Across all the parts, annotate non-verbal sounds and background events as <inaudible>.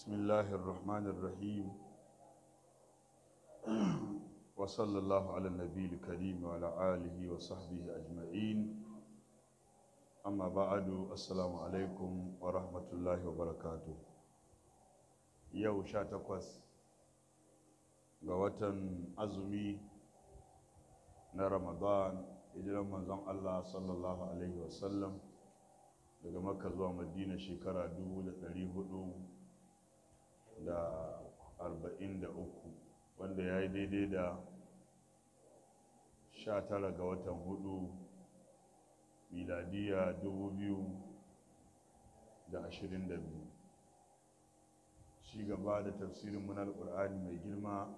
بسم الله الرحمن الرحيم وصلى الله على النبي الكريم وعلى آله وصحبه أجمعين أما بعد السلام عليكم ورحمة الله وبركاته يو شاتكوس غواتن أزمي na ramadan hijiran manzon allah sallallahu alaihi wasallam daga makka zuwa madina shekara 1400 da arba'in da uku wanda ya yi daidai da sha tara ga watan hudu miladiya dubu biyu da ashirin da biyu ci gaba da tafsirin munar ƙur'ani mai girma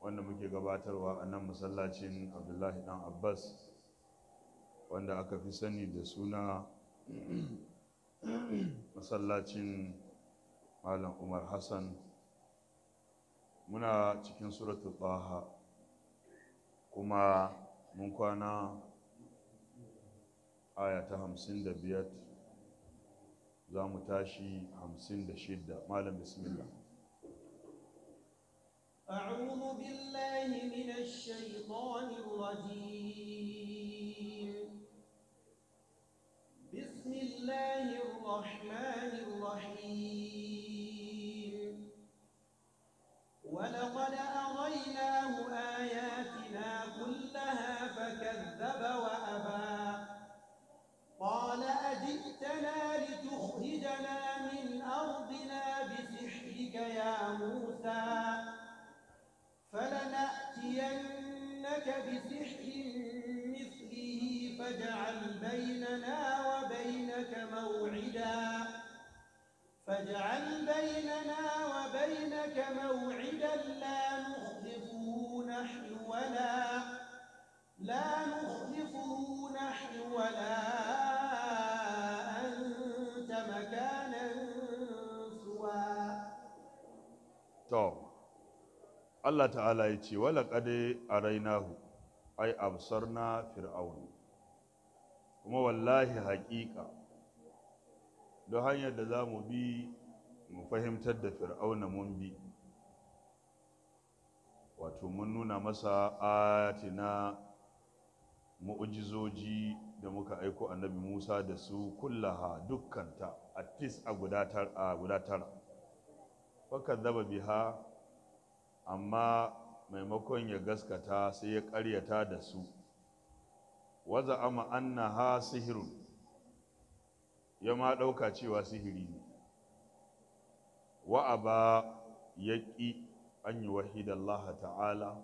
wanda muke gabatarwa a nan masallacin abdullahi dan abbas wanda aka fi sani da suna masallacin malam umar hassan muna cikin suratul baha kuma mun kwana aya ta hamsin da biyar za mu tashi hamsin da shidda malam bismillah أعوذ بالله من الشيطان الرجيم Allah ta'ala ya ce wala a rainahu ai absarna fir'auna kuma wallahi haƙiƙa don hanyar da za mu bi mu fahimtar da fir'auna mun bi wato mun nuna masa atina mu'ujizoji da muka aiko annabi Musa da su kullaha dukkanta a tis a guda tara zaba biha amma maimakon ya gaskata sai ya karyata da su waza ama anna ha sihirun ya ma ɗauka cewa sihiri ne wa'aba ya ƙi an yi Allah ta'ala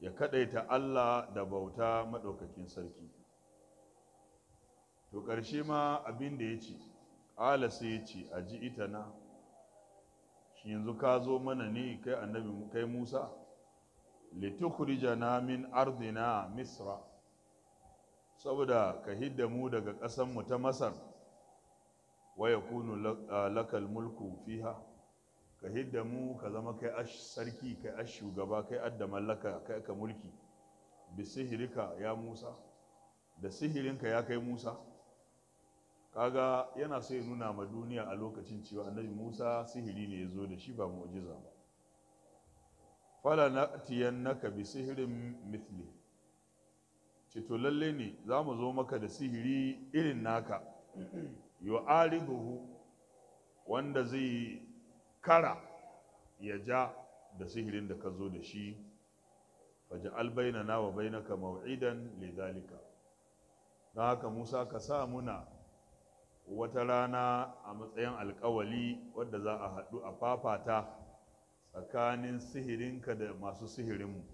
ya kaɗaita Allah da bauta maɗaukakin sarki to ƙarshe ma abin da ya ce ƙala sai ya ce a ji ita na yanzu ka zo mana ne kai annabi kai musa litukhrijana min ardina misra saboda ka hidda mu daga ƙasar mu ta masar waya kunu lakal mulku fiha ka hidda mu ka zama kai ash sarki kai ash shugaba kai adda mallaka kai ka mulki bisihirika ya musa da sihirinka ya kai musa kaga yana so ya nuna ma duniya a lokacin cewa annabi musa sihiri ne ya zo da shi ba mu'jiza ba fala na naka bi sihirin mithli ce to lalle ne za mu zo maka da sihiri irin naka yo yu'ariduhu wanda zai kara ya ja da sihirin da ka zo da shi albaina na wa bainaka maw'idan lidhalika don haka musa ka sa muna wata rana a matsayin alkawali wadda za a haɗu a fafata tsakanin sihirinka da masu sihirinmu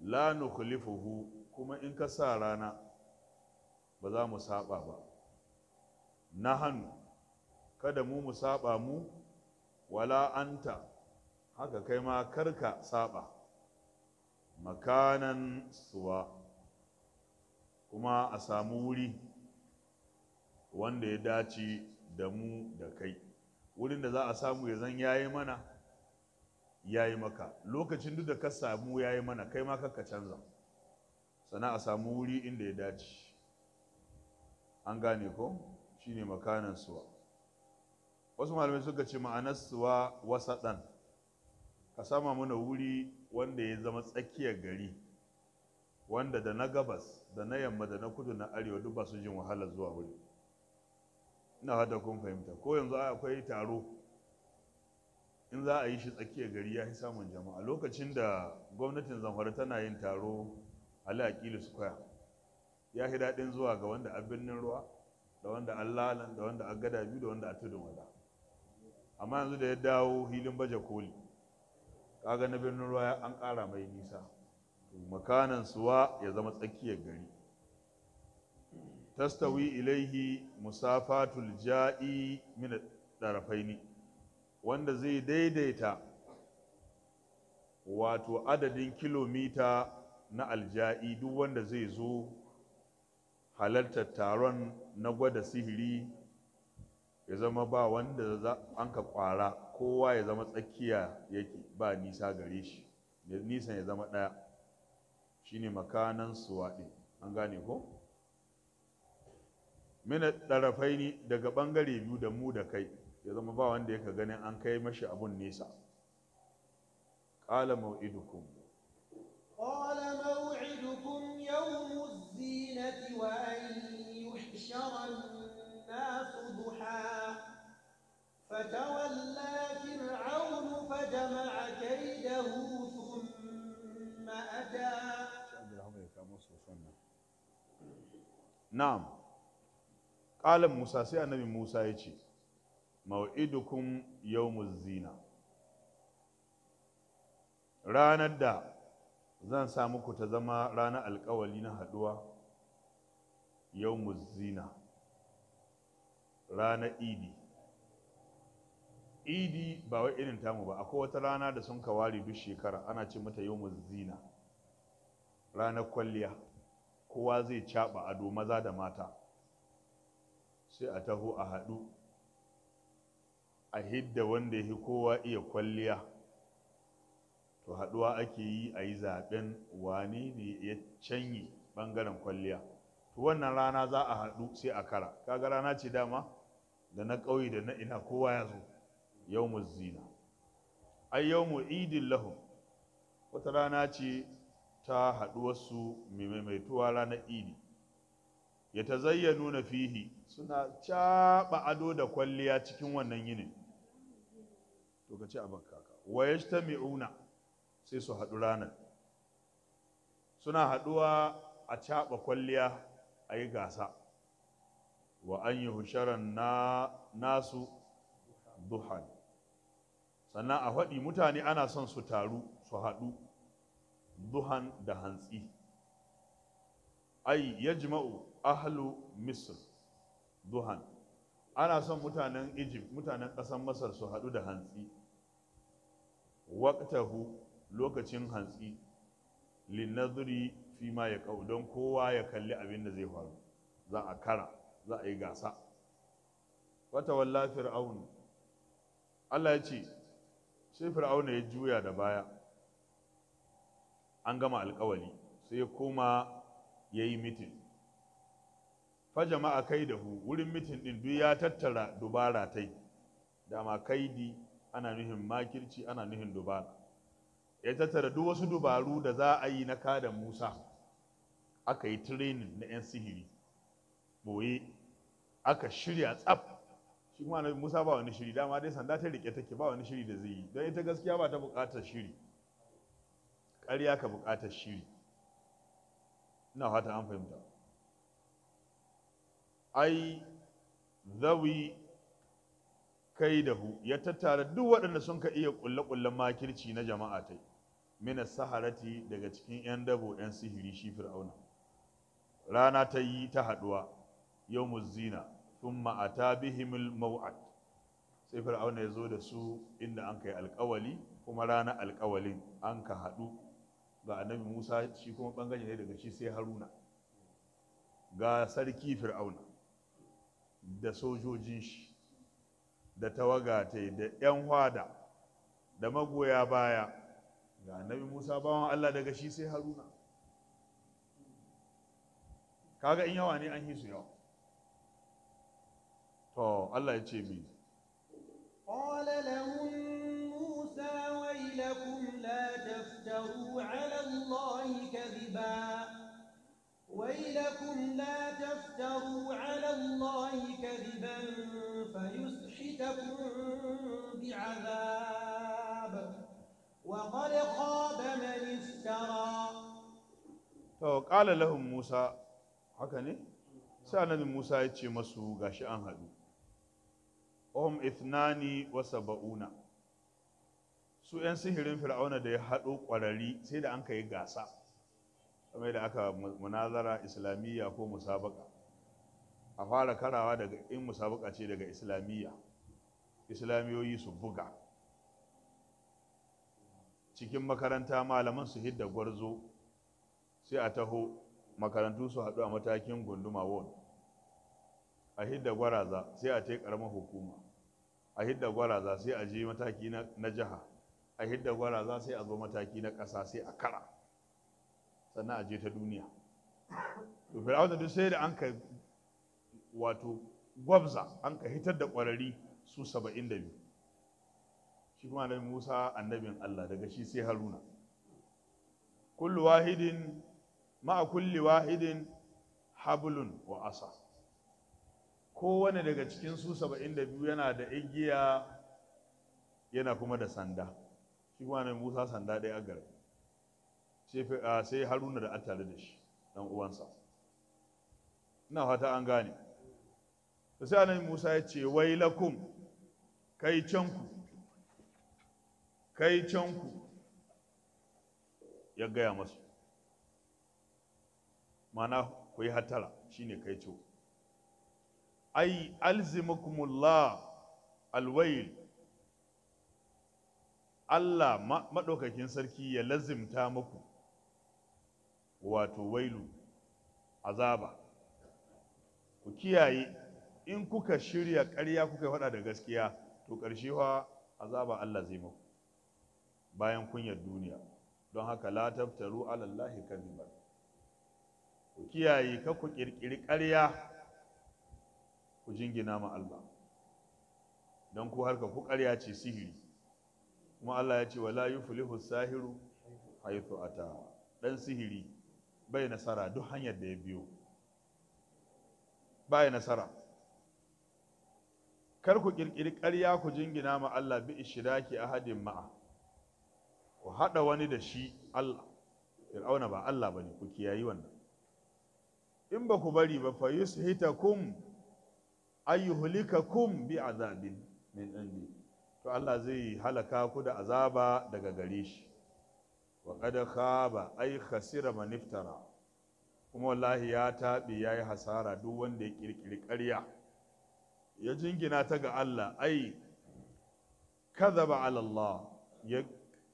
la nukhlifuhu kuma in ka sa rana ba za mu saba ba na hannu kada mu mu saba mu wala anta haka kai ma karka saba makanan suwa kuma a samu wuri wanda ya dace da mu da kai wurin da za a samu ya zan yayi mana yayi maka lokacin duk da ka samu yayi mana kai ma ka canza sana a samu wuri inda ya dace an gane ko shine makanan suwa wasu malamai suka ce ma'anar suwa wasa ɗan. ka sama mana wuri wanda ya zama tsakiyar gari wanda da na gabas da na yamma da na kudu na arewa duk ba su jin wahalar zuwa wuri ina hada kun fahimta ko yanzu akwai taro in za a yi shi tsakiyar gari ya fi samun jama'a lokacin da gwamnatin zamfara tana yin taro a laƙili square ya fi daɗin zuwa ga wanda a birnin ruwa da wanda an lalan da wanda an gada biyu da wanda a tudun wada amma yanzu da ya dawo hilin baje koli kaga na birnin ruwa an ƙara mai nisa makanan suwa ya zama tsakiyar gari tastawi ilaihi musafatul ja'i min ne. wanda zai daidaita wato adadin kilomita na alja'i duk wanda zai zo halartar taron na gwada sihiri ya zama ba wanda an ka kwara kowa ya zama tsakiya yake ba nisa gare shi nisan ya zama ɗaya shine makanan suwaɗe an gane ko? mina ɗarafaini daga ɓangare biyu da mu da kai ya zama ba wanda yaka ganin an kai mashi abun nesa ƙala mau'idukum ƙala mau'idukum yawmu zinati wa an yuhshara an-nasu duha fatawalla fir'aunu fajama'a kaydahu thumma ata na'am Ƙalin musa sai annabi musa ya ce mau'idukun yawmuz zina ranar da zan sa muku ta zama ranar alkawali na haduwa yawmuz zina ranar idi idi ba wai irin tamu ba akwai wata rana da sun kawari duk shekara ana ce mata yau zina ranar kwalliya kowa zai caɓa ado maza da mata sai a taho a haɗu a hidda wanda ya kowa iya kwalliya to haɗuwa ake yi a yi zaɓen wani ne ya canyi ɓangaren kwalliya to wannan rana za a haɗu sai a kara kaga rana ce dama da na ƙauye da na ina kowa ya zo mu zina ai mu idin lahum wata rana ce ta haɗuwarsu mai maimaituwa ranar idi ya ta tazayyanu nuna fihi suna caɓa ado da kwalliya cikin wannan yinin to ka ce abin kaka wa mi'una sai su haɗu ranar suna haɗuwa a caɓa kwalliya a yi gasa wa an yi husharan na nasu duhan sannan a faɗi mutane ana son su taru su haɗu duhan da hantsi ai ya ahlu misr duhan ana son mutanen egypt mutanen ƙasar masar su haɗu da hantsi waqtahu lokacin hantsi linnaduri fi ma ya kau don kowa ya kalli abin da zai faru za a kara za a yi gasa wata walla fir'aun Allah ya ce sai fir'auna ya juya da baya an gama alkawali sai ya koma ya yi mitin kai da hu, wurin mitin din duk ya tattara dubara tai dama kaidi ana nuhin makirci ana nuhin dubara ya tattara duk wasu dubaru da za a yi na kada Musa aka yi training na 'yan sihiri boye aka shirya tsaf shi kuma na Musa ba wani shiri dama dai sanda ta rike take ba wani shiri da zai yi don ita gaskiya ba ta buƙatar shiri ƙarya ka buƙatar shiri ina fata an fahimta ai zawi kai da hu ya tattara duk waɗanda sun ka iya ƙulle-ƙullen makirci na jama'a ta mina saharati daga cikin 'yan dabo 'yan sihiri shi fir'auna rana ta yi ta haɗuwa yau muzina sun ma'ata bihimul mau'at sai fir'auna ya zo da su inda an kai alƙawali kuma rana alƙawalin an ka haɗu ga annabi musa shi kuma ɓangare ne daga shi sai haruna ga sarki fir'auna da sojojin shi da tawagatai da 'yan hwada da magoya baya ga nabi musa bawan allah daga shi sai haruna kaga in yawa ne an yi su yawa to allah ya ce mi قال لهم موسى ويلكم لا تفتروا على ويلكم لا تفتروا على الله كذبا فيسحتكم بعذاب وقد خاب من افترى قال لهم موسى حكني سأل من موسى يتشي مسوغا شأن هدو هم اثنان وسبعون سو ان سهرين فرعون دي حدو قرالي سيدا انك يقاسا kamar da aka munazara islamiyya ko musabaka a fara karawa daga in musabaka ce daga islamiyya islamiyoyi su buga cikin makaranta malaman su hidda gwarzo sai a taho makarantu su haɗu a matakin gunduma won a hidda gwaraza sai a tai ƙaramin hukuma a hidda gwaraza sai a je mataki na jiha a hidda gwaraza sai a zo mataki na ƙasa sai a kara sannan a je ta duniya to fir'aun da sai da an ka wato gwabza an ka hitar da kwarari su 72 shi kuma annabi Musa annabin Allah daga shi sai Haruna kullu wahidin ma'a kulli wahidin hablun wa asa kowane daga cikin su 72 yana da igiya yana kuma da sanda shi kuma annabi Musa sanda ɗaya a garbi Ah, sai haruna da attare da shi dan uwansa ina fata an gane sai annabi musa ya ce wai lakum kai canku kai canku ya gaya masu mana ku yi hatara ne kai ciwo ai alzimakumullah alwail Allah maɗaukakin sarki ya lazimta muku wato wailu azaba ku kiyaye in kuka shirya ƙarya kuka faɗa da gaskiya to ƙarshe wa azaba Allah zai muku bayan kunyar duniya don haka la taftaru ala Allah kadhiban ku kiyaye ka ku kirkiri ƙarya ku jingina ma Allah don ku harka ku ƙarya ce sihiri kuma Allah ya ce wala yuflihu sahiru haythu ata dan sihiri bai nasara duk hanyar da ya biyo bai nasara kar ku kirkiri ƙarya ku jingina ma Allah bi ishiraki ahadin ma'a ku hada wani da shi Allah fir'auna ba Allah bane ku kiyayi wannan in ba ku bari ba fa yushitakum ayyuhlikakum bi azabin min indi to Allah zai halaka ku da azaba daga gare shi wa kada khaba ai khasira man iftara kuma wallahi ya taɓi ya yi hasara duk wanda ya ƙirƙiri ƙarya ya jingina ta ga Allah ai kadhaba ala Allah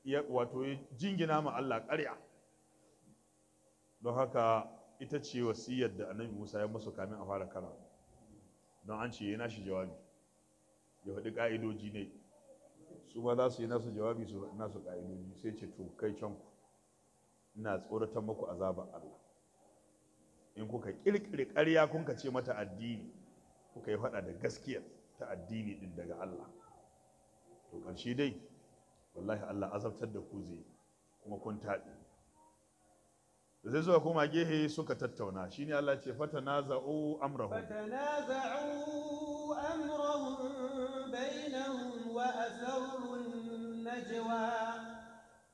ya wato ya jingina ma Allah ƙarya don haka ita ce wasiyar da annabi Musa ya musu kamin a fara kara don an ce yana shi jawabi ya faɗi ƙa'idoji ne su ma za su yi nasu jawabi su nasu ƙa'idoji sai ce to kai can ku ina tsoratar muku azabar Allah in kuka ƙirƙiri ƙarya kun ka ce mata addini kuka yi faɗa da gaskiya ta addini din daga Allah to ƙarshe dai wallahi Allah azabtar da ku zai kuma kun taɗi zai zuwa kuma gehe suka tattauna shine Allah ce fata na za'u amrahu. fata na za'u وأسروا النجوى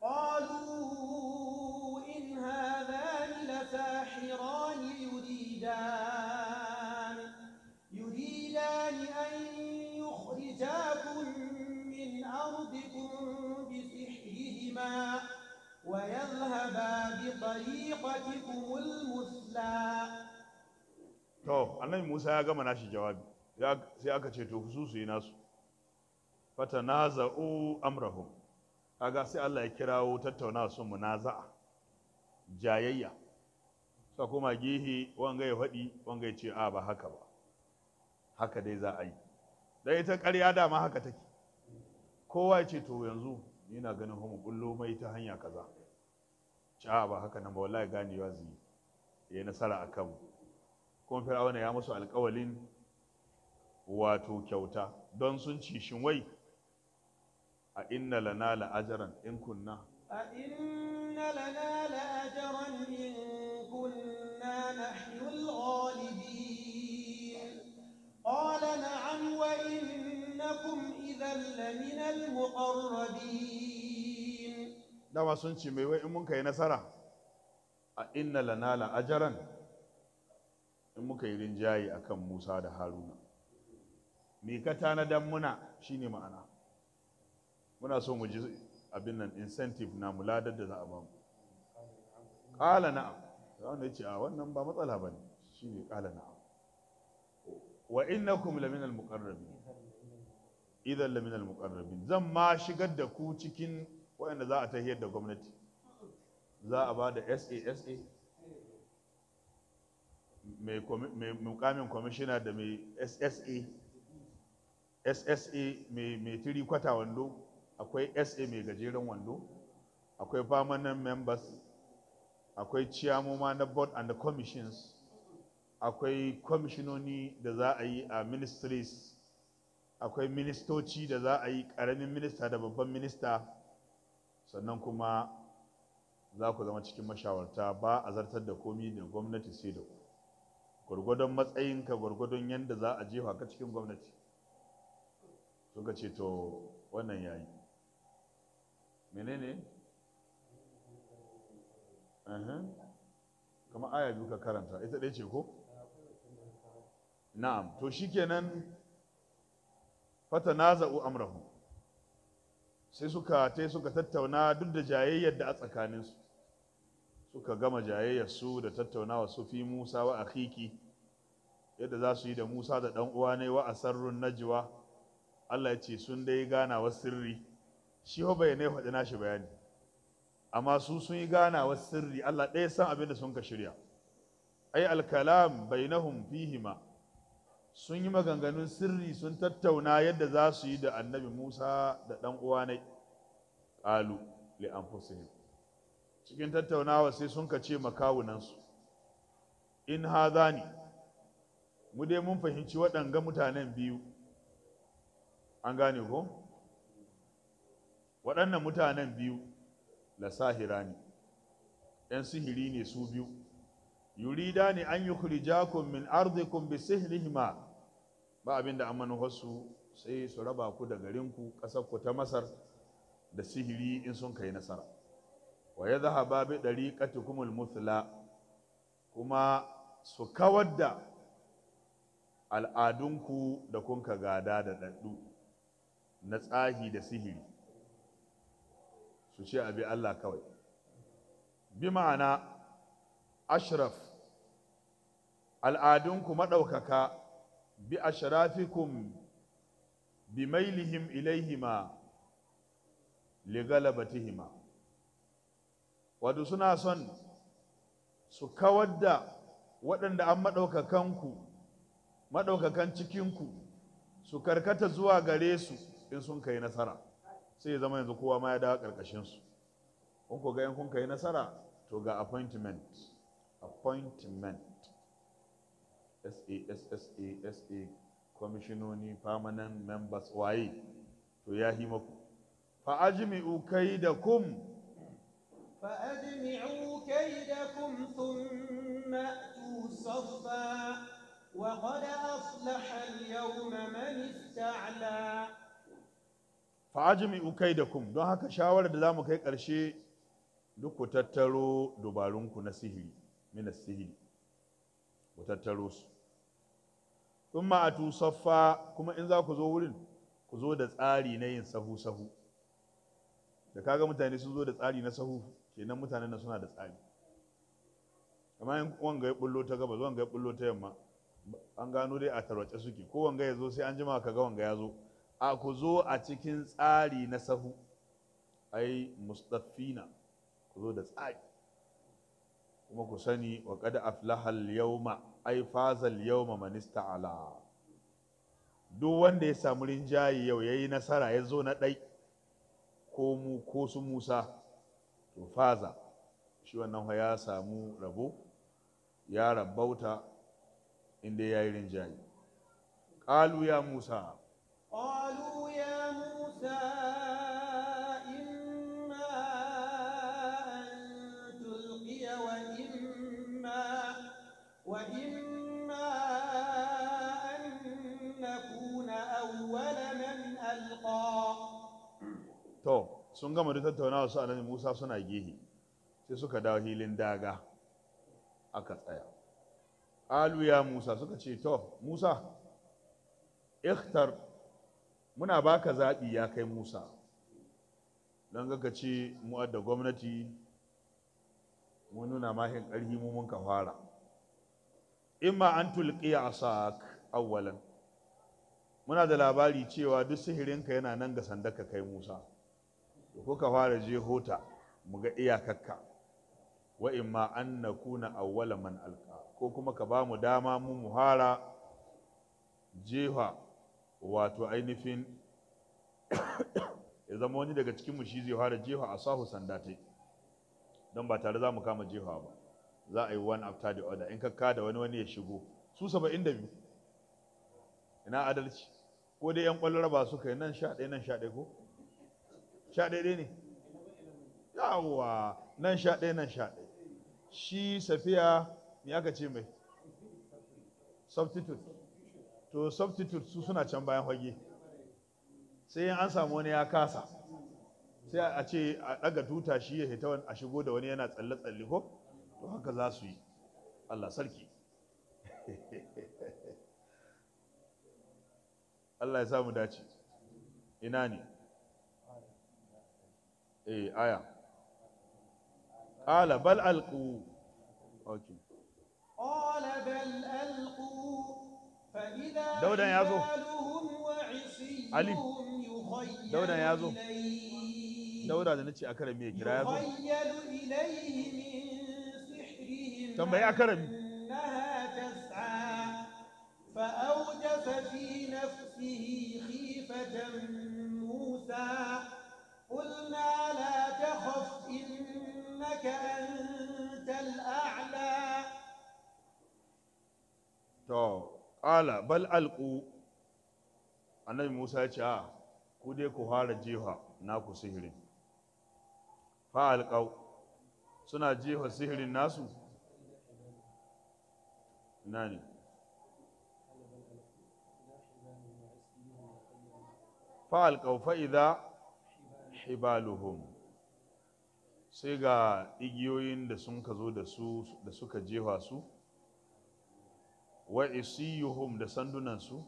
قالوا إن هذان لساحران يريدان يريدان أن يخرجاكم من أرضكم بسحرهما ويذهبا بطريقتكم المثلى To, annabi Musa ya gama nashi jawabi, sai aka ce to yi nasu. Fata fatanaza'u amrahum kaga sai Allah ya kirawo tattauna su munaza'a jayayya sa kuma gihi wanga ya faɗi ce a ba haka ba haka dai za a yi dan ita ƙarya dama haka take kowa ce to yanzu ni na ganin homo bullo mai ta hanya kaza ci a ba haka nan ba wallahi ganewa zai ya nasara a kanmu kuma fir'auna ya musu alƙawalin wato kyauta don sun ci shin wai a inna lana la ajran in kunna a inna lana la ajran in kunna nahnu al-ghalibin qala na'am wa innakum idhan lamina al-muqarrabin dama sun ce mai wai in mun kai nasara a inna lana la ajran in muka yi rinjaye kan Musa da Haruna me ka tanadan muna shine ma'ana muna so mu ji abin nan incentive na muladar da za a ba mu ƙala na'am Za ya ce a wannan ba matsala ba ne shi ne ƙala na'am wa innakum laminal muqarrabin idan laminal muqarrabin zan ma shigar da ku cikin waɗanda za a tahiyar da gwamnati za a ba da sasa mai mukamin kwamishina da mai ssa ssa mai tiri kwata wando akwai sa mai gajeren wando akwai permanent members akwai ciyamoma na board and the commissions akwai kwamishinoni da za a yi a ministries akwai ministoci da za a yi ƙaramin minista da babban minista sannan kuma za ku zama cikin mashawarta ba a zartar da komi da gwamnati sai da ku gwargwadon matsayinka gwargwadon yadda za a jefa ka cikin gwamnati suka ce to wannan yayi menene Kama aya biyu ka karanta ita ɗaya ce ko na'am to shikenan fata naza'u amrahu sai suka ta suka tattauna duk da jayayyar da a tsakaninsu suka gama jayayyar su da tattaunawa su fi Musa wa akhiki yadda za su yi da Musa da ɗan uwa ne wa asarrun najwa Allah ya ce sun dai gana wa sirri shi ho bai ne faɗi nashi bayani amma su sun yi ganawa sirri Allah ɗaya san abin da sun ka shirya ai alkalam bainahum fihima sun yi maganganun sirri sun tattauna yadda za su yi da annabi Musa da ɗan uwanai ƙalu li anfusihim cikin tattaunawa sai sun ka ce makawunansu in hazani mu dai mun fahimci waɗanga mutanen biyu an gane ko waɗannan mutanen biyu lasahira ne. Yan sihiri ne su biyu yurida ne an yi yukhrijakum min arzikun bi sihirihima ba abinda an manuharsu sai su raba ku da garinku ƙasar ku ta masar da sihiri in sun kai nasara wa ya babi bi dariqatikumul muthla kuma su kawar da al'adunku da kunka gada da ɗaɗɗu na tsahi da sihiri su ce abi Allah kawai bi ma'ana ashraf al'adunku maɗaukaka bi ashrafikum bi mailihim ilaihima li galabatihima wato suna son su kawar da waɗanda an maɗaukakanku maɗaukakan cikinku su karkata zuwa gare su in sun kai nasara sai ya zama yanzu kowa ma ya dawo karkashin su kun ku ga 'yan kun kai nasara to ga appointment appointment s SA kwamishinoni permanent members waye to ya hi maku fa ajmi'u kaidakum fa ajmi'u kaidakum thumma atu saffa wa qad aflaha al-yawma man ista'la kai da kum don haka shawarar da za mu kai ƙarshe duk ku tattaro dubarunku na sihiri mina sihiri ku tattaro su thumma a saffa kuma in za ku zo wurin ku zo da tsari na yin sahu sahu da kaga mutane sun zo da tsari na sahu kenan mutanen nan suna da tsari amma in wanga ya bullo ta gabas wanga ya bullo ta yamma an gano dai a tarwace suke ko wanga ya zo sai an jima ka ga wanga ya zo a ku zo a cikin tsari na sahu ai mustafina ku zo da tsari kuma ku sani wa kada aflahal yawma ai fazal yawma man Ala. duk wanda ya samu rinjaye yau yayi nasara ya zo na dai ko mu ko su Musa to faza shi wannan ya samu rabo ya rabauta inda yayi rinjaye qalu ya Musa قالوا يا موسى إما أن تلقي وإما وإما أن نكون أول من ألقى to sun gama da tattaunawa su annabi Musa suna gehe sai suka dawo hilin daga aka tsaya alu ya Musa suka ce to Musa ikhtar muna baka zaɓi ya kai musa don ka ce mu da gwamnati mun nuna mahin ƙarfi mu mun ka fara imma an tulƙi a sa'ak awwalan muna da labari cewa duk sihirinka yana nan ga ka kai musa ko ka fara je hota mu ga iyakakka wa imma an na kuna awwala man alka ko kuma ka ba mu dama mu muhara jefa wato ainihin ya zama wani daga cikinmu shi zai fara jefa a sahu sanda ta don ba tare za mu kama jefa ba za a yi one after the other in ka da wani wani ya shigo su saba'in da biyu ina adalci ko dai yan kwallo raba suka yi nan sha ɗaya nan sha ɗaya ko sha ɗaya ɗaya ne yawwa nan sha ɗaya nan sha ɗaya shi safiya me aka ce mai substitute to substitute su suna can bayan fage sai an samu wani ya kasa sai a ce a daga tuta shi ya hita a shigo da wani yana tsalle-tsalle ko to haka za su yi Allah sarki <laughs> Allah ya samu dace ina ne eh aya ala bal alku ok qala bal alku daudan ya zo ali daudan ya zo dauda da nace akarami ya kira ya zo tambayi akarami فأوجس في نفسه خيفة موسى قلنا لا تخف إنك أنت الأعلى ƙala bal alƙu annabi musa ya ce a ah, ku dai ku fara jefa naku sihirin fa alƙau suna jefa sihirin nasu ina ne fa alƙau fa idza hibaluhum sai ga igiyoyin da sun ka zo da su da suka jefa su wa isiyuhum da sandunansu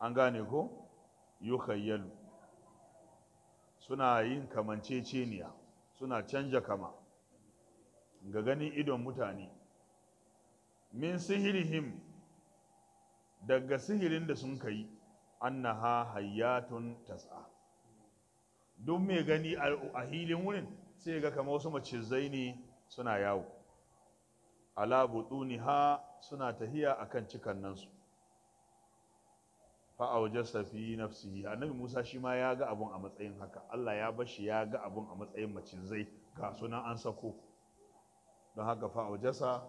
an gane ko yukhayyalu suna yin kamanceceniya suna canja kama ga ganin idon mutane min sihirihim daga sihirin da sun kai annaha hayyatun tas'a duk mai gani a hilin wurin sai ga kama wasu macizai ne suna yawo ala butuniha suna tahiya akan cikannansu fa aujasa fi nafsihi annabi Musa shi ma ya ga abun a matsayin haka Allah ya bashi ya ga abun a matsayin macizai ga sunan an sako don haka fa aujasa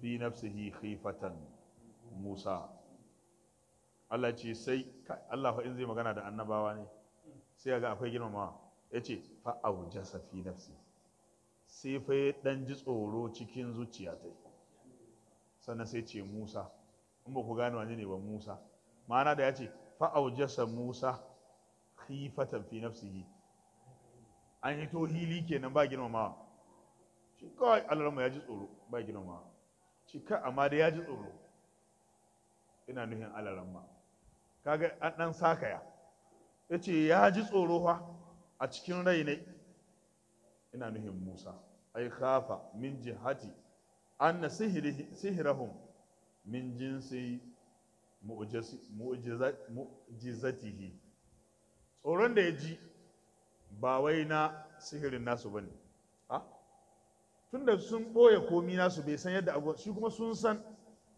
fi nafsihi khifatan Musa Allah ce sai Allah fa in zai magana da annabawa ne sai ga akwai girmamawa yace fa aujasa fi nafsihi sai fa ya dan ji tsoro cikin zuciya ta sannan sai ce Musa in ba ku gane wani ne ba Musa ma'ana da ya ce fa'aujasa Musa khifatan fi nafsihi an hito hili kenan ba girmamawa shi kawai alarma ya ji tsoro ba girmamawa shi ka amma da ya ji tsoro ina nuhin alarma kaga an dan sakaya ya ce ya ji tsoro fa a cikin rai ne ina nuhin Musa ai khafa min jihati anna sihirahun min jinsi mu'jizatihi tsoron da ya ji ba wai na sihirin nasu ba ne tunda sun ɓoye komi nasu bai san yadda abuwa shi kuma sun san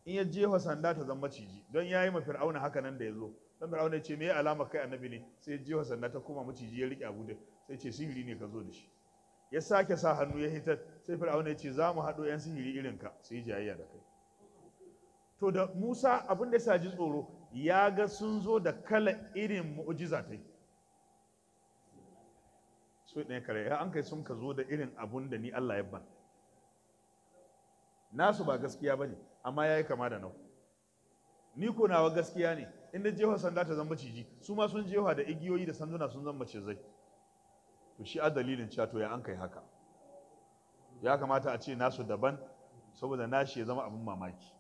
in ya jefa sanda ta zama ciji don ya yi ma fir'auna haka nan da ya zo don fir'auna ya ce me alama kai annabi ne sai ya jefa sanda ta koma maciji ya riƙe abu da sai ce sihiri ne ka zo da shi ya sake sa hannu ya hitar sai fir'auna ya ce za mu haɗo 'yan sihiri irinka su yi jayayya da kai to da musa abin da ya ji tsoro ya ga sun zo da kala irin mu'ujiza ta yi su ɗaya kare ya an kai sun ka zo da irin abun da ni allah ya ban nasu ba gaskiya ba ne amma ya yi kama da nau ni ko nawa gaskiya ne inda jefa sanda ta zama ciji su ma sun jefa da igiyoyi da sanduna sun zama cizai to shi a dalilin cewa to ya an kai haka ya kamata a ce nasu daban saboda nashi ya zama abin mamaki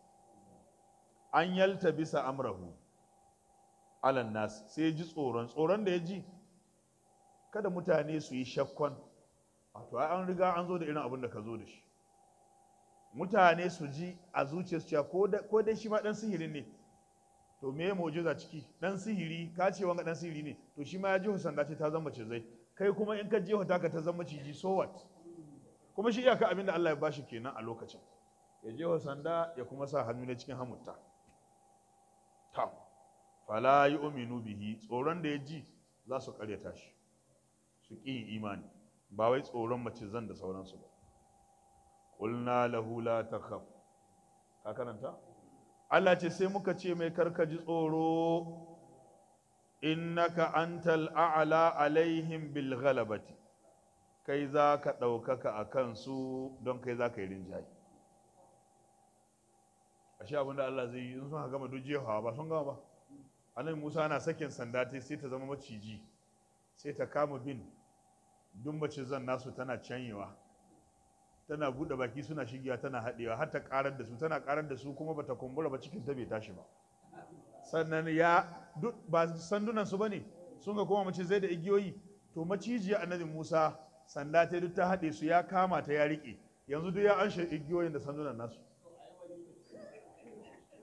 an yalta bisa amrahu alan nas sai ji tsoron tsoron da ya ji kada mutane su yi shakkon to an riga an zo da irin abin da ka zo da shi mutane su ji a su cewa ko dai shi ma dan sihiri ne to me mojiza ciki dan sihiri ka ce wanga dan sihiri ne to shi ma ya ji husan ce ta zama cizai kai kuma in ka jefa taka ta zama ciji so what kuma shi iyaka abinda Allah ya bashi kenan a lokacin ya jefa sanda ya kuma sa hannu na cikin hamutta ta fala yu'minu bihi tsoron da ya ji za su karyata shi su ƙi imani ba wai tsoron mace zan da sauransu ba qulna lahu la takhaf ka karanta Allah ce sai muka ce mai karkaji tsoro innaka antal a'la alaihim bil ghalabati kai za ka ɗaukaka a kansu don kai za ka yi rinjaye ashe abinda Allah zai yi sun gama duk ba sun gama ba annabi Musa ana sakin sanda ta sai ta zama maciji sai ta kama bin duk zan nasu tana canyewa tana bude baki suna shigewa tana hadewa har ta karar da su tana karar da su kuma bata kumbura ba cikin ta bai tashi ba sannan ya ba sandunan su bane sun ga koma mace zai da igiyoyi to macijiya annabi Musa sanda ta duk ta haɗe su ya kama ta ya riƙe yanzu duk ya anshe igiyoyin da sandunan nasu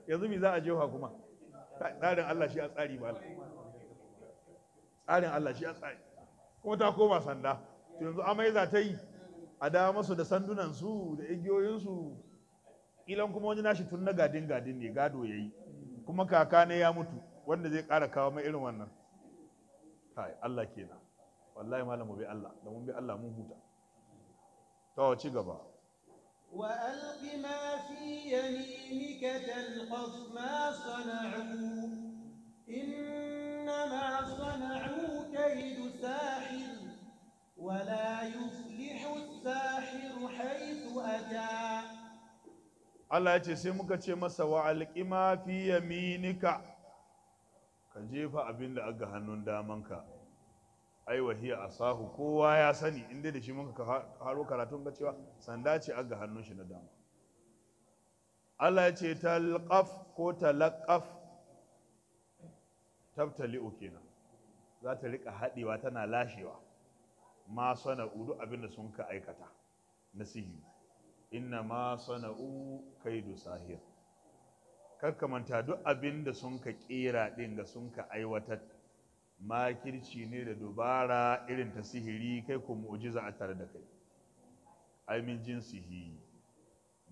yanzu me za a jefa kuma tsarin Allah shi a tsari ba tsarin Allah shi a tsari kuma ta koma sanda to yanzu amai za ta yi a dawo masu da sandunan su da igiyoyin su ilan kuma wani nashi tun na gadin gadin ne gado yayi kuma kaka ne ya mutu wanda zai ƙara kawo mai irin wannan kai Allah kenan wallahi malam mu bi Allah da mun bi Allah mun huta to ci gaba wa alqi ma fi yaminika talqaf ma sana'u innama sana'u kaydu sahir ولا يفلح الساحر حيث أتى Allah ya ce sai muka ce masa wa alƙima fi yaminika ka jefa abin da aga hannun damanka ai wahiya sahu kowa ya sani inda da shi muka haro karatun ga cewa sanda ce aga hannun shi na dama Allah ya ce talqaf ko talaqaf tabtali kenan za ta rika haɗewa tana lashewa ma sana udu abin da sun ka aikata na inna ma sana'u kaidu sahir karka manta duk abin da sun ka kera ɗin ga sun ka aiwatar makirci ne da dubara irin ta sihiri kai ko mu'jiza a tare da kai aimin jin sihiri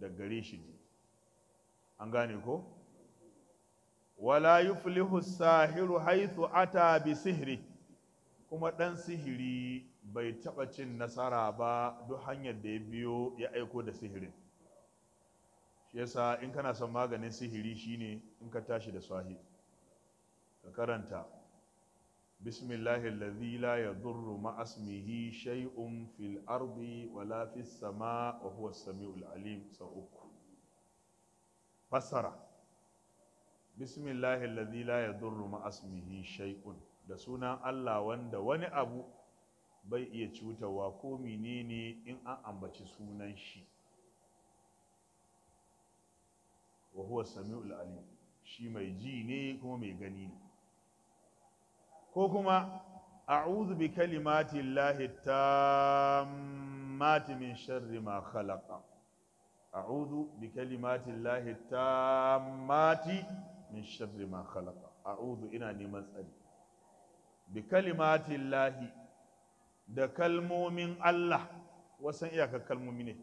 da gare shi ne an gane ko wala yuflihu sahiru haithu ata bi sihiri. kuma ɗan sihiri bai taɓa cin nasara ba duk hanyar da ya biyo ya aiko da sihirin shi yasa in kana son maganin sihiri shine in ka tashi da sahi ka karanta bismillahil ladzi la yadurru ma asmihi shay'un fil ardi wala fis sama wa huwa samiul alim sau uku fassara la yadurru ma asmihi shay'un da sunan Allah wanda wani abu bai iya cutawa ko menene in an ambaci sunan shi wa huwa samiul alim shi mai ji ne kuma mai gani ne ko kuma a'udhu bi kalimati llahi tammati min sharri ma khalaqa a'udhu bi kalimati llahi tammati min sharri ma khalaqa a'udhu ina neman tsari bi kalimati llahi da kalmomin Allah wasan iyakar kalmomi ne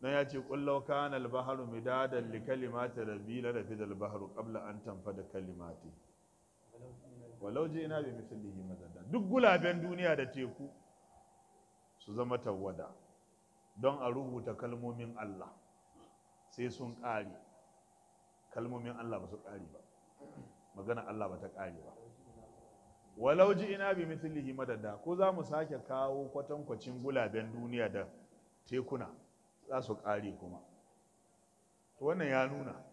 na ya ce ƙullau kana albaharu mai midadan li kalimata rabbi la rafid al albaharu ƙabla an tamfa da kalimati walau ina bi mislihi madada duk gulaben duniya da teku su zama tawada don a rubuta kalmomin Allah sai sun ƙari kalmomin Allah ba su ƙari ba magana Allah ba ta ƙari ba walau ina bi mislihi madada ko za mu sake kawo kwatankwacin gulaben duniya da tekuna za su ƙare kuma to wannan ya nuna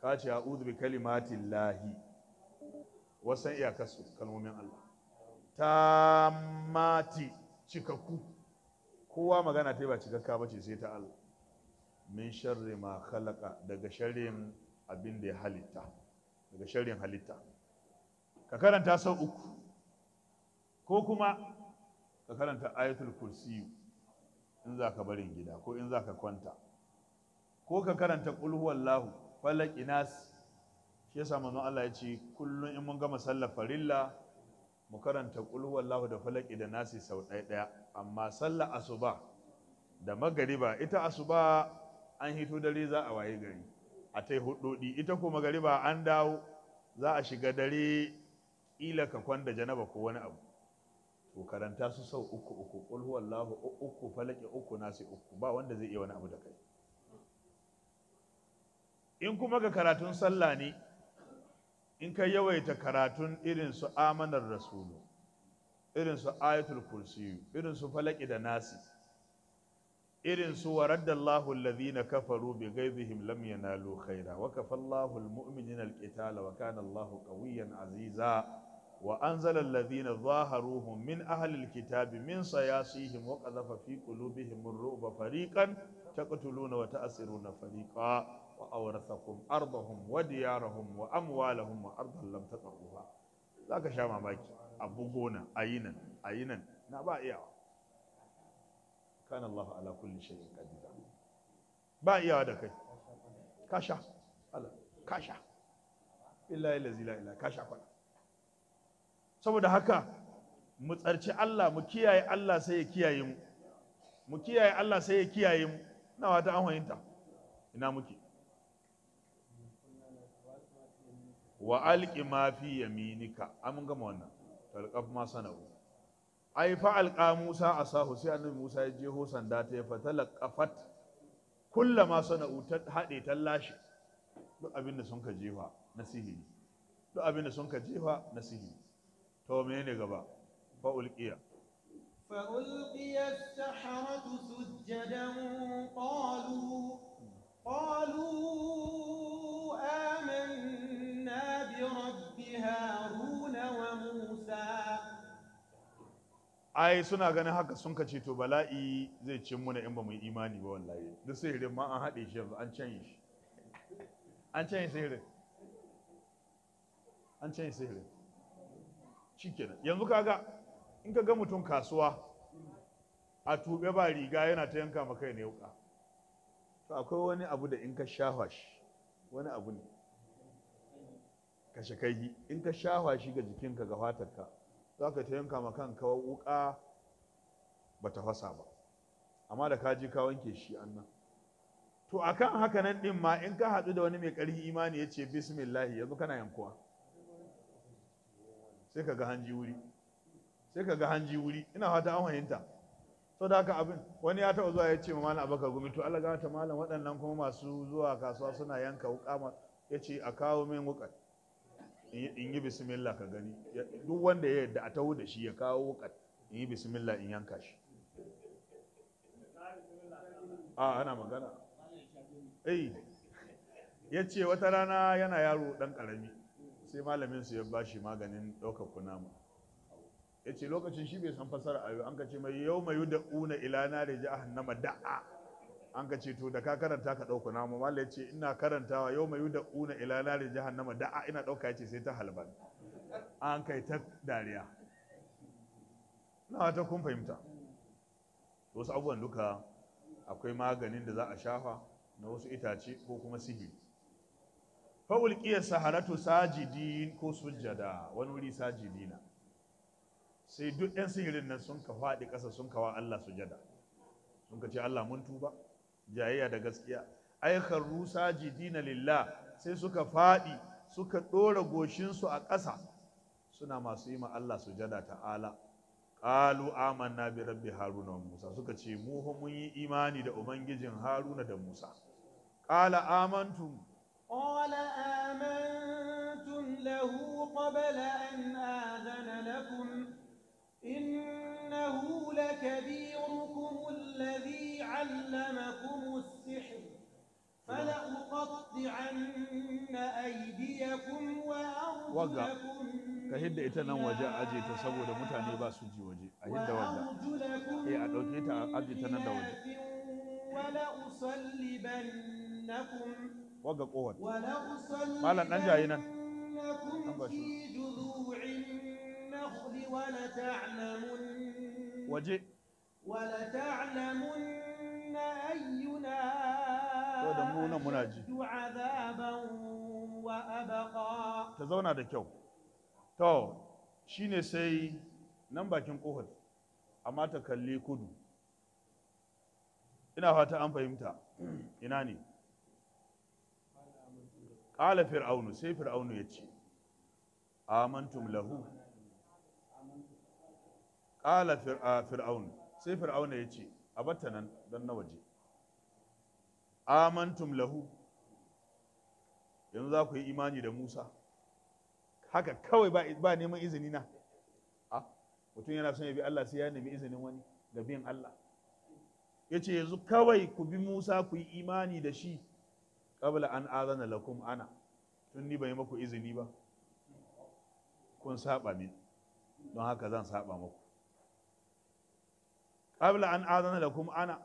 ka ce a'udhu bi kalimatin lahi wasan iyakarsu kalmomin Allah ta mati cikakku kowa magana ta yi ba cikakka ba ce sai ta Allah min sharri ma khalaqa daga sharrin abin da ya halitta daga sharrin halitta ka karanta sau uku ko kuma ka karanta ayatul kursiyu in za ka barin gida ko in za ka kwanta ko ka karanta ƙulhuwallahu falak inas shi yasa manzon Allah ya ce kullum in mun gama sallar farilla mu karanta ƙulhuwallahu da falaki da nasi sau ɗaya ɗaya amma sallar asuba da magariba ita asuba an hito dare za a waye gari a ta yi hudodi ita ko magariba an dawo za a shiga dare ila ka kwanda janaba ko wani abu to karanta su sau uku uku qul huwallahu uku falaki uku nasi uku ba wanda zai iya wani abu da kai in kuma ga karatun sallah ne in ka yawaita karatun irin su amanar rasulu irin su ayatul kursi irin su falaki da nasi irin su wa raddallahu alladhina kafaru bi ghaizihim lam yanalu khaira wa kafallahu almu'minina alqitala wa kana Allahu qawiyyan aziza wa anzala alladhina zaharuhum min ahli alkitabi min sayasihim wa qadhafa fi qulubihim ar-ru'ba fariqan taqtuluna wa ta'siruna fariqa wa awrathakum ardahum wa diyarahum wa amwalahum wa ardan lam taqruha zaka sha mamaki abu gona ayinan ayinan na ba iyawa kana ala kulli shay'in qadir ba iyawa da kai illa kwana saboda haka mu tsarci Allah mu kiyaye Allah sai ya kiyaye mu mu kiyaye Allah sai ya kiyaye mu na wata an fahimta ina muke wa alqi ma fi yaminika amun gama wannan talqaf ma sana'u ai fa alqa Musa asahu sai annabi Musa ya jeho sanda ta talqafat kullu ma sana'u ta hade ta lashe duk abin da sun ka jefa na sihiri duk abin da sun ka jefa na sihiri to ne gaba fa ulqiya fa ulqiya as-saharatu sujadan qalu qalu amanna bi rabbiha runa wa musa ai suna ganin haka sun kace to bala'i zai cin muna in ba mu yi imani ba wallahi duk sihirin ma an hade shi yanzu an canye shi an canye sihirin an canye sihirin shikenan yanzu kaga in ka ga mutum kasuwa a tube ba riga yana ta yanka maka ne wuka to akwai wani abu da in ka shafa shi wani abu ne kashe kai in ka shafa shi ga jikinka ga fatarka za ka ta yanka ma kanka wuka ba ta fasa ba amma da ka ji ka wanke shi annan to akan haka nan din ma in ka hadu da wani mai karfi imani ya ce bismillah yanzu kana yankuwa sai ka ga hanji wuri sai ka ga hanji wuri ina fata an fahimta to da haka abin wani ya taɓa zuwa ya ce malam abaka gumi to Allah gata malam waɗannan kuma masu zuwa kasuwa suna yanka wuka ya ce a kawo min wuka in yi bismillah ka gani duk wanda ya yadda a taho da shi ya kawo wuka in yi bismillah in yanka shi a ana magana eh. ya ce wata rana yana yaro ɗan ƙarami sai malamin su ya bashi maganin ɗaukar kunama ya ce lokacin shi bai san fasara ayo an ka ce mai yau mai da una ilana da ji ahannama da'a an ka ce to da ka karanta ka ɗauka nama malai ya ce ina karantawa yau mai da una ilana da ji ahannama da'a ina ɗauka ya ce sai ta halban an kai ta dariya na ta kun fahimta wasu abubuwan duka akwai maganin da za a shafa na wasu itace ko kuma sihiri fa'ul ƙiyar saharatu sajidi ko sujjada wani wuri sajidina sai duk 'yan sihirin nan sun ka faɗi ƙasa sun kawa Allah sujada sun ka ce Allah mun tuba jayayya da gaskiya ai kharru sajidina lillah sai suka faɗi suka ɗora goshinsu a ƙasa suna masu yi ma Allah sujada ta'ala qalu amanna bi rabbi haruna wa musa suka ce mu mun yi imani da ubangijin haruna da musa qala amantum قال آمنتم له قبل أن آذن لكم إنه لكبيركم الذي علمكم السحر فلأقطعن أيديكم وأرجلكم ka hidda ita nan waje a aje ta saboda mutane ba su ji waje a hidda wanda eh a dauke ta a aje ta nan da waje wala usallibannakum waga kohon malam dan jayi nan waje da muna muna ji. ta zauna da kyau. تو shine sai. nan bakin kohol amma ta kalli kudu ina fata an fahimta ina ne ƙala fir'aunu sai fir'aunu ya ce amantum lahu ƙala fir'aunu sai fir'aunu ya ce a batta nan don na waje amantum lahu yanzu za ku yi imani da musa haka kawai ba neman izini na ah, mutum yana son ya bi allah sai ya nemi izinin wani ga biyan allah ya ce yanzu kawai ku bi musa ku yi imani da shi qabla an azana lakum ana tun ni bai maku izini ba kun saba min don haka zan saba maku qabla an azana lakum ana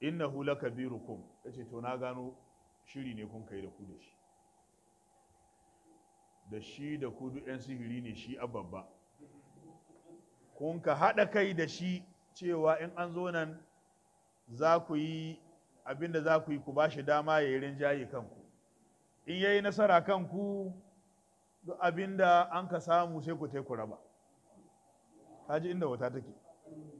innahu lakabirukum yace to na gano shiri ne kun kai da ku da shi da shi da kudu 'yan sihiri ne shi ababba kun ka haɗa kai da shi cewa in an zo nan za ku yi da za ku yi ku bashi dama ya yi rinjaye kanku in ya yi nasara kanku duk da an ka samu sai ku ku raba ji inda wata take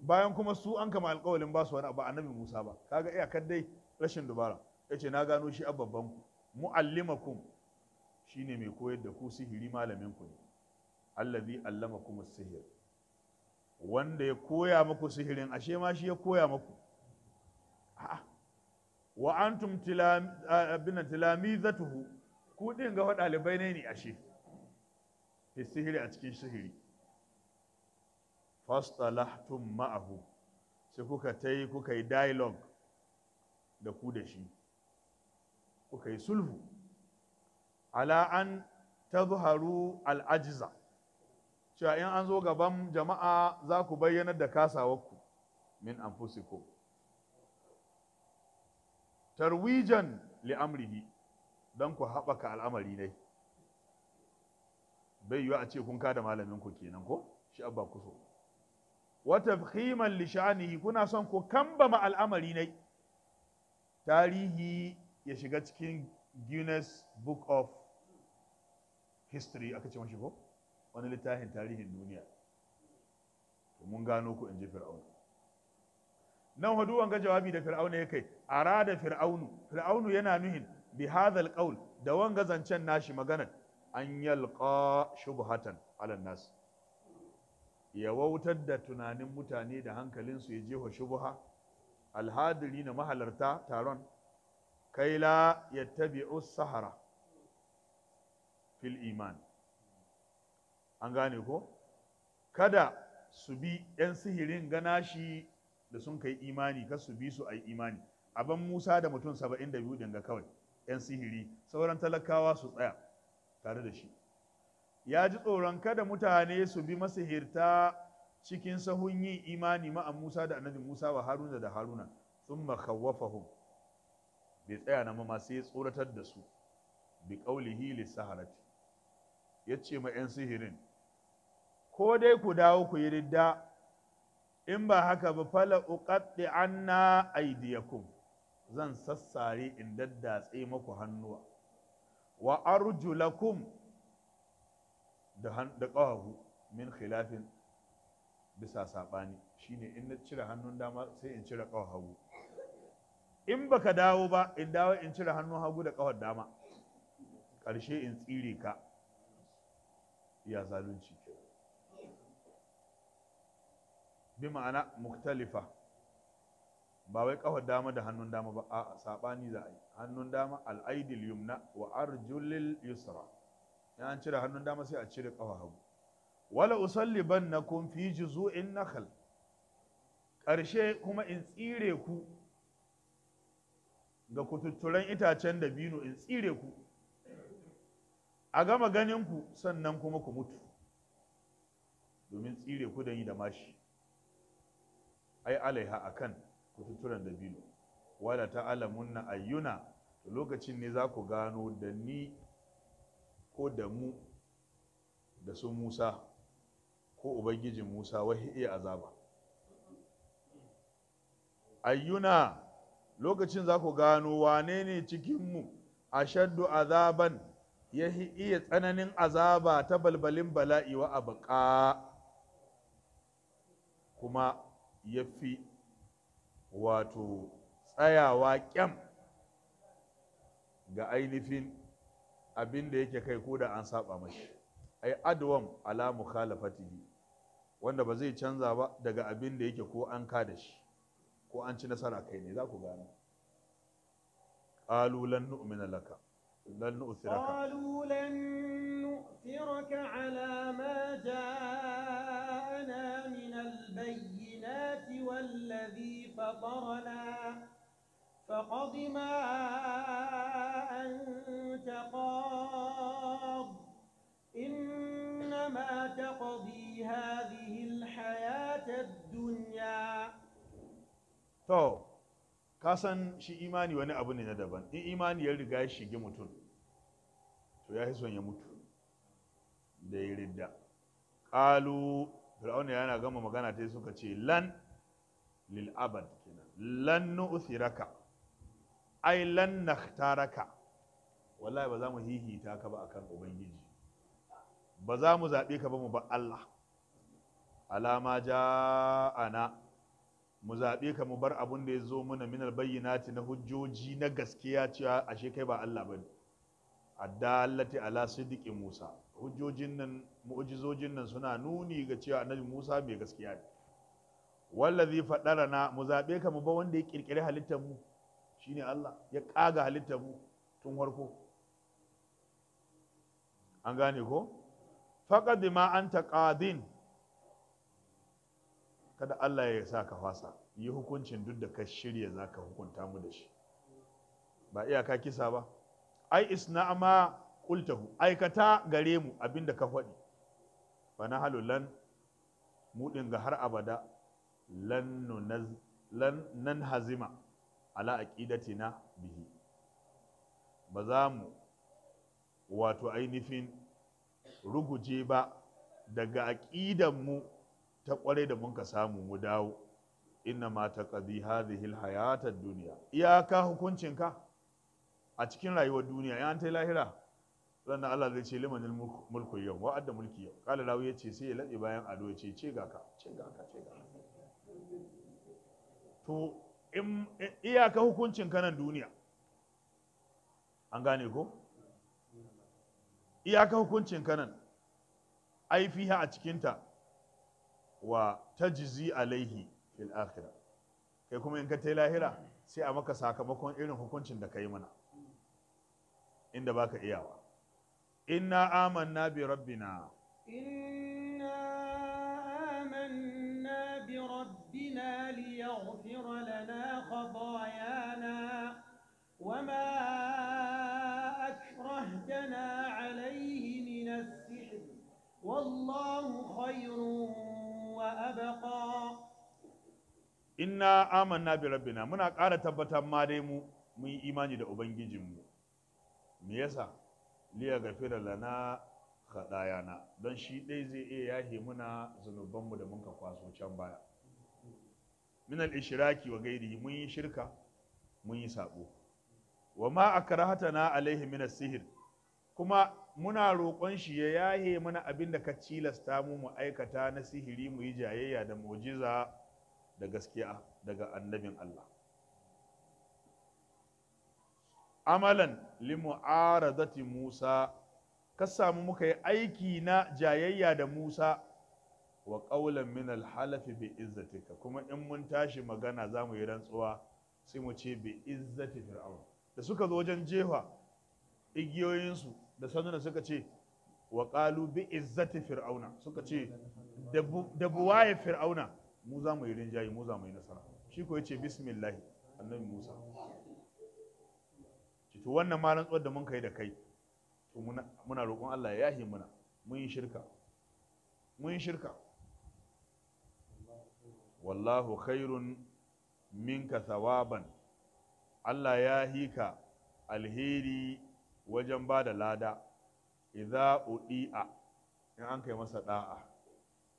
bayan kuma su an kama alkawalin ba su wani abu annabi musa ba ga iyakar dai rashin dubara ya ce na gano shi a ku mu'allimakum shine mai koyar da ku sihiri malamin ku ne allazi allamakum sihir wanda ya koya maku sihirin ashe ma shi ya koya muku a'a wa antum bina tilamizatuhu ku din ga ɗalibai ne ne ashe fi sihiri a cikin sihiri fastalahtum ma'ahu sai kuka ta yi kuka yi dialogue da ku da shi kuka yi sulhu ala an tazharu al'ajiza cewa in an zo gaban jama'a za ku bayyanar da kasawarku min anfusikum tarwijan li'amrihi don ku haɓaka al'amari ne bai yiwu a ce kun kada malamin ku kenan ko shi abba ku so wa tafkhiman li sha'nihi kuna son ku kambama al'amari ne tarihi ya shiga cikin Guinness Book of History aka ce mashi ko wani littafin tarihin duniya mun gano ku in ji fir'auna nan hudu wanga jawabi da fir'auna ya kai arada fir'aunu fir'aunu yana nuhin bi hadhal da wanga zancen nashi maganar an yalqa shubhatan ala nas ya wautar da tunanin mutane da hankalin su ya jefa shubha alhadiri na mahalarta taron kai la yattabi'u sahara fil iman an gane ko kada su bi 'yan sihirin gana shi da sun kai imani kar su bi su a imani aban musa da mutum saba'in da biyu dinga kawai yan sihiri sauran talakawa su tsaya tare da shi ya ji tsoron kada mutane su bi masihirta cikin sahun yin imani ma'an musa da annabi musa wa haruna da haruna sun makawafahum bai tsaya na ma sai tsoratar da su bi qaulihi Ya yace ma yan sihirin ko dai ku dawo ku yi ridda in ba haka ba fala uqaddi anna aydiyakum zan sassare in daddatse maku hannuwa wa arjulakum da da ƙawahu min khilafin bisa sabani shine in na cire hannun dama sai in cire ƙawar hagu in baka dawo ba in dawo in cire hannun hagu da ƙawar dama ƙarshe in tsire ka ya zalunci bi ma'ana muktalifa ba wai kafa dama da hannun dama ba a sabani za a yi hannun dama al'aidil yumna wa arjulil yusra in an cire hannun dama sai a cire kafa hagu wala usalli na fi juzu'in nakal Karshe kuma in tsire ku ga kututturen itacen dabino in tsire ku a gama ganin ku sannan kuma ku mutu domin tsire ku da yi da mashi ai alaiha akan kututturen dabino wala na ayyuna lokacin ne za ku gano da ni ko da mu da su Musa ko ubangijin Musa wahi iya azaba ayyuna lokacin za ku gano wane ne cikinmu shaddu azaban ya iya tsananin azaba ta balbalin bala'i wa abqa kuma ya fi wato tsayawa kyam ga ainihin abin da yake kai ko da an saba mashi ai adwam ala mukhalafatihi wanda ba zai canza ba daga abin da yake ko an da shi ko an ci nasara kai ne za ku gane qalu lan nu'mina laka lan nu'thiraka qalu lan nu'thiraka ala ma ja'ana min al-bayyin الناس والذي فطرنا فقض ما أنت قاض إنما تقضي هذه الحياة الدنيا تو kasan shi imani wani abu ne na daban in imani ya riga ya shige mutum to ya son ya mutu da ya ridda ƙalu fir'auna yana gama magana ta suka ce lan lil abad kenan lan ai lan nakhtaraka wallahi ba za mu hihita ka ba akan ubangiji ba za mu zaɓe ka ba mu ba Allah alama ja'ana mu zaɓe ka mu bar abun da ya zo mana bayyana bayyinati na hujjoji na gaskiya cewa ashe kai ba Allah bane addallati ala sidiki musa hujjojin nan mu'jizojin nan suna nuni ga cewa annabi musa mai gaskiya ne wallazi fadarana mu zabe ka mu ba wanda ya kirkire halittar mu shine Allah ya kaga halittar mu tun farko an gane ko faqad ma anta qadin kada Allah ya sa ka fasa yi hukuncin duk da ka shirya zaka hukunta mu da shi ba iyaka kisa ba ai isna ma qultahu aikata gare mu abinda ka faɗi fa nahlu lan mu ga har abada lan nunaz lan nan hazima ala aqidatina bihi ba za mu wato ainihin ruguje ba daga aqidan mu ta kware da mun ka samu mu dawo inna ma taqdi hadhihi alhayata ad-dunya iyaka hukuncinka a cikin rayuwar duniya ya an ta lahira sannan Allah zai ce liman mulku yau adda mulki yau kala lawi ya ce sai ya lade bayan ado ya ce ce ga ka ce ga ka ce ga ka to iyaka hukuncin kanan duniya an gane ko iyaka hukuncin kanan ai fiha a cikinta wa tajzi alaihi fil akhirah kai kuma in ka ta lahira sai a maka sakamakon irin hukuncin da kai mana inda baka iyawa inna amanna bi rabbina inna amanna bi rabbina liyaghfira lana khatayana wama akrahtana alayhi min as-sihr wallahu khayrun wa abqa inna amanna bi rabbina muna qara tabbatan ma dai mu mun imani da ubangijinmu me yasa liya ga gafira lana khadayana don shi dai zai iya yahe muna zunubanmu da mun ka kwaso can baya min al-ishraki wa gairi mun yi shirka mun yi sabo wa ma akrahatana alaihi min sihir sihir? kuma muna roƙon shi ya yahe mana abin da ka tilasta mu mu aikata na sihiri mu yi jayayya da mu'jiza da gaskiya daga annabin Allah amalan limu'aradati Musa ka samu muka yi aiki na jayayya da Musa wa ƙaulan min alhalafi halafi bi izzatika kuma in mun tashi magana za mu yi rantsuwa sai mu ce bi izzati fir'aun da suka zo wajen jefa igiyoyinsu da sanuna suka ce wa ƙalu bi izzati fir'auna suka ce da buwaye fir'auna mu za mu yi rinjayi mu za mu yi nasara shi ko yace bismillah annabi Musa to wannan ma rantsuwar da mun kai da kai to muna roƙon Allah ya yahi muna mun yi shirka mun yi shirka wallahu khairun minka thawaban Allah ya ka alheri wajen ba da lada idza udi'a in an kai masa da'a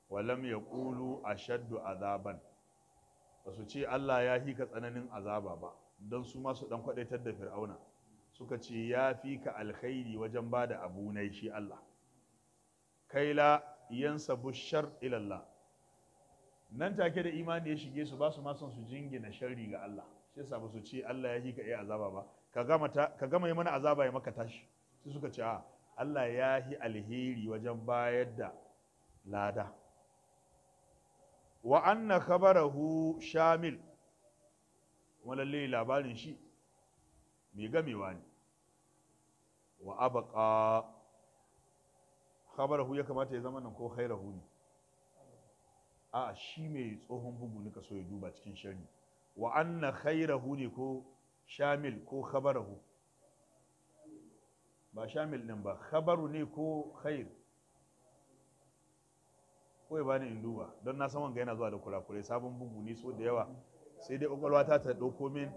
walam yaqulu ashaddu azaban ba su ce Allah ya ka tsananin azaba ba don su ma su dan kwadaitar da fir'auna suka ce ya fi ka alkhairi wajen ba da abu na shi Allah kaila yansa bushar ilallah nan take da imani ya shige su ba su ma son su jingina sharri ga Allah sai yasa su ce Allah ya yi ka iya azaba ba ka gama ka gama yi mana azaba ya maka tashi sai suka ce a Allah ya hi alheri wajen bayar da lada wa anna khabarahu shamil walalle labarin shi mai gamewa ne wa abqa khabarahu ya kamata ya zama nan ko khairahu ne a shi mai tsohon bugu ne ka so ya duba cikin shari wa anna khairahu ne ko shamil ko khabarahu ba shamil din ba khabaru ne ko khair ko ya bani in duba don na san wanga yana zuwa da kurakurai sabon bugu ne so da yawa sai dai kwakwalwa ta ta dauko min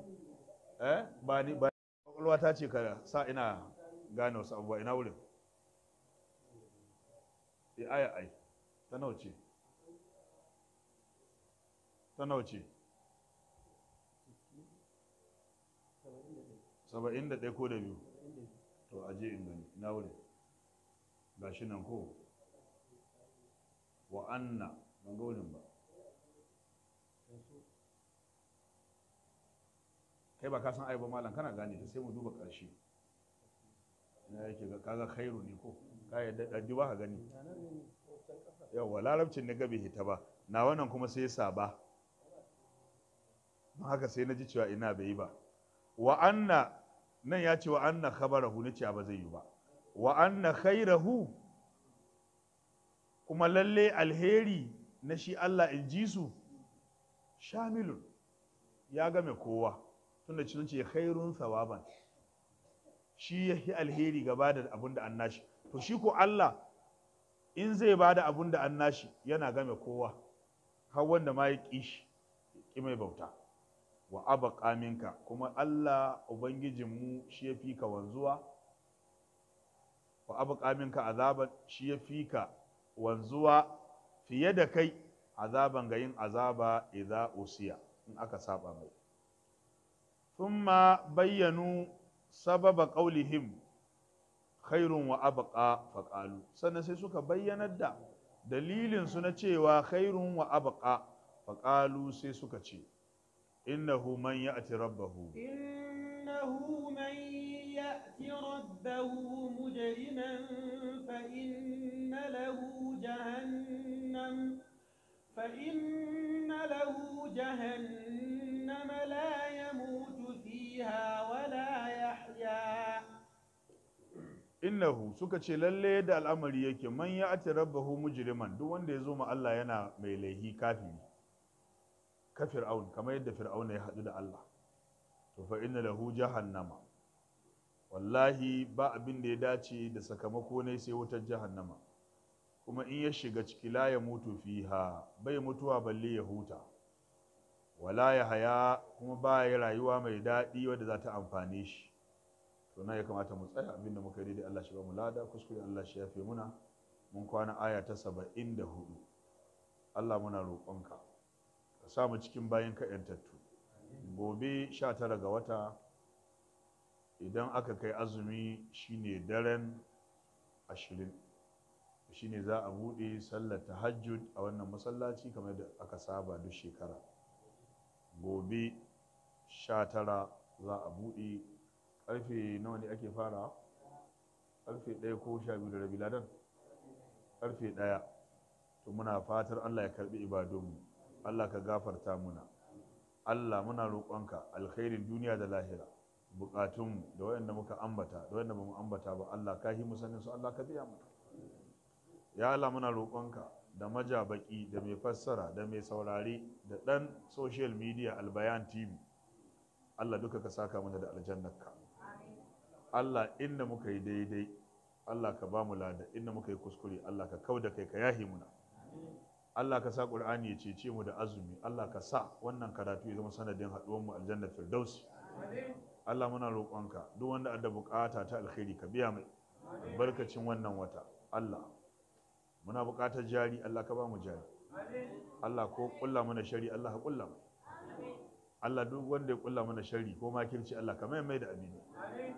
eh ba ni ba kwakwalwa ta ce ka sa ina gane wasu abubuwa ina wurin e aya ai ta nawa ce ta nawa ce saba'in da ɗaya ko da biyu to aje in gani ina wurin ga shi nan ko wa anna ban ga wurin ba kai ba ka san ai ba malam kana gane ta sai mu duba ƙarshe na yake ga kaga khairu ne ko ka yadda ji ba ka gani yawa larabcin na gabe hita ba na wannan kuma sai ba don haka sai na ji cewa ina bai yi ba wa anna nan ya ce wa anna khabarahu na ce ba zai yi ba wa anna khairahu kuma lalle alheri na shi Allah in ji su shamilun ya game kowa tunda cin ce khairun sawaban shi ya yi alheri ga da abin da an nashi to shi ko Allah in zai bada abin da an nashi yana game kowa har wanda ma ya ƙi shi ƙi mai bauta wa abqa minka kuma Allah ubangijinmu shi ya fi wanzuwa wa minka azaban shi ya fi wanzuwa fiye da kai azaban ga yin azaba idza usiya in aka saba mai thumma bayyanu سبب قولهم خير وأبقى فقالوا سنة بيّن بينا دا دليل سنة وخير وأبقى فقالوا سيسوك إنه من يأتي ربه إنه من يأتي ربه مجرما فإن له جهنم فإن له جهنم لا يموت فيها ولا يحيا innahu suka ce lallai da al'amari yake man ya ati rabbahu mujriman duk wanda ya zo ma Allah yana mai laihi kafiri ka fir'aun kamar yadda fir'aun ya haɗu da Allah to fa inna lahu jahannama wallahi ba abin da ya dace da sakamako ne sai wutar jahannama kuma in ya shiga ciki la ya mutu fiha bai mutuwa balle ya huta wala ya haya kuma ba ya rayuwa mai daɗi wadda za ta amfane shi to na ya kamata mu tsaya abinda muka yi daidai Allah shi ba mu lada kuskure Allah shi ya fi muna mun kwana aya ta saba'in da hudu Allah muna roƙonka ka sa mu cikin bayan ka yantattu gobe sha tara ga wata idan aka kai azumi shine daren ashirin shine za a buɗe sallar tahajjud a wannan masallaci kamar da aka saba duk shekara gobe tara, za a buɗe ƙarfe nawa ne ake fara ƙarfe 1 ko 12 da rabi ladan ƙarfe 1 to muna fatar Allah ya karɓi ibadunmu Allah ka gafarta muna Allah muna roƙonka alkhairin duniya da lahira buƙatunmu da waɗanda muka ambata da waɗanda ba mu ambata ba Allah ka yi musanin su Allah ka biya mu ya lamuna muna roƙonka da majabaki da mai fassara da mai saurari da ɗan social media albayan tv Allah duka ka saka mana da aljannarka Allah inda muka yi daidai Allah ka ba mu lada inda muka yi kuskure Allah ka kau da kai ka yahi muna Allah ka sa ƙur'ani ya cece mu da azumi Allah ka sa wannan karatu ya zama sanadin haɗuwar mu aljannar firdausi Allah muna roƙonka duk wanda da bukata ta alkhairi ka biya mai barkacin wannan wata Allah muna buƙatar jari Allah ka ba mu jari Allah ko kulla mana shari Allah ka kulla mu Allah duk wanda ya kulla mana shari ko makirci Allah ka mai mai da amini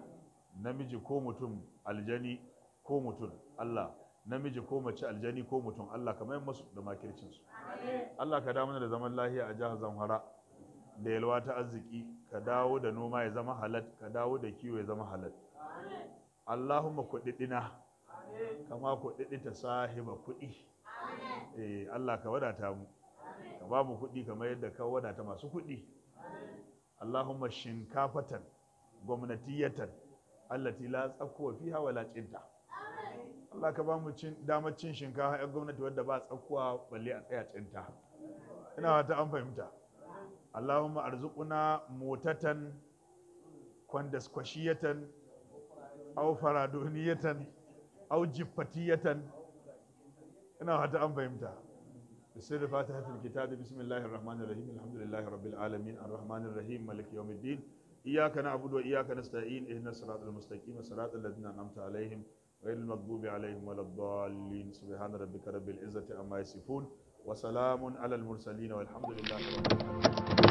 namiji ko mutum aljani ko mutum Allah namiji ko mace aljani ko mutum Allah ka mai masu da makircin su Allah ka dawo da zaman lahiya a jihar Zamfara da yalwa ta arziki ka dawo da noma ya zama halal ka dawo da kiwo ya zama halal Allahumma kuɗiɗina kama ku ta sahiba kuɗi eh Allah ka wadata mu ka ba mu kuɗi kamar yadda ka wadata masu kuɗi Allahumma shinkafatan gwamnatiyatan allati la tsakkuwa fiha wala cinta Allah ka ba mu cin damar cin shinkafa yan gwamnati wadda ba tsakkuwa balle a tsaya cinta ina wata an fahimta Allahumma arzuquna motatan kwandaskwashiyatan au faradoniyatan أو jiffatiyatan ina hata an fahimta بسر فاتحة الكتاب بسم الله الرحمن الرحيم الحمد لله رب العالمين الرحمن الرحيم ملك يوم الدين إياك نعبد وإياك نستعين إهنا الصراط المستقيم صراط الذين أنعمت عليهم غير المغضوب عليهم ولا الضالين سبحان ربك رب العزة أما يصفون وسلام على المرسلين والحمد لله رب العالمين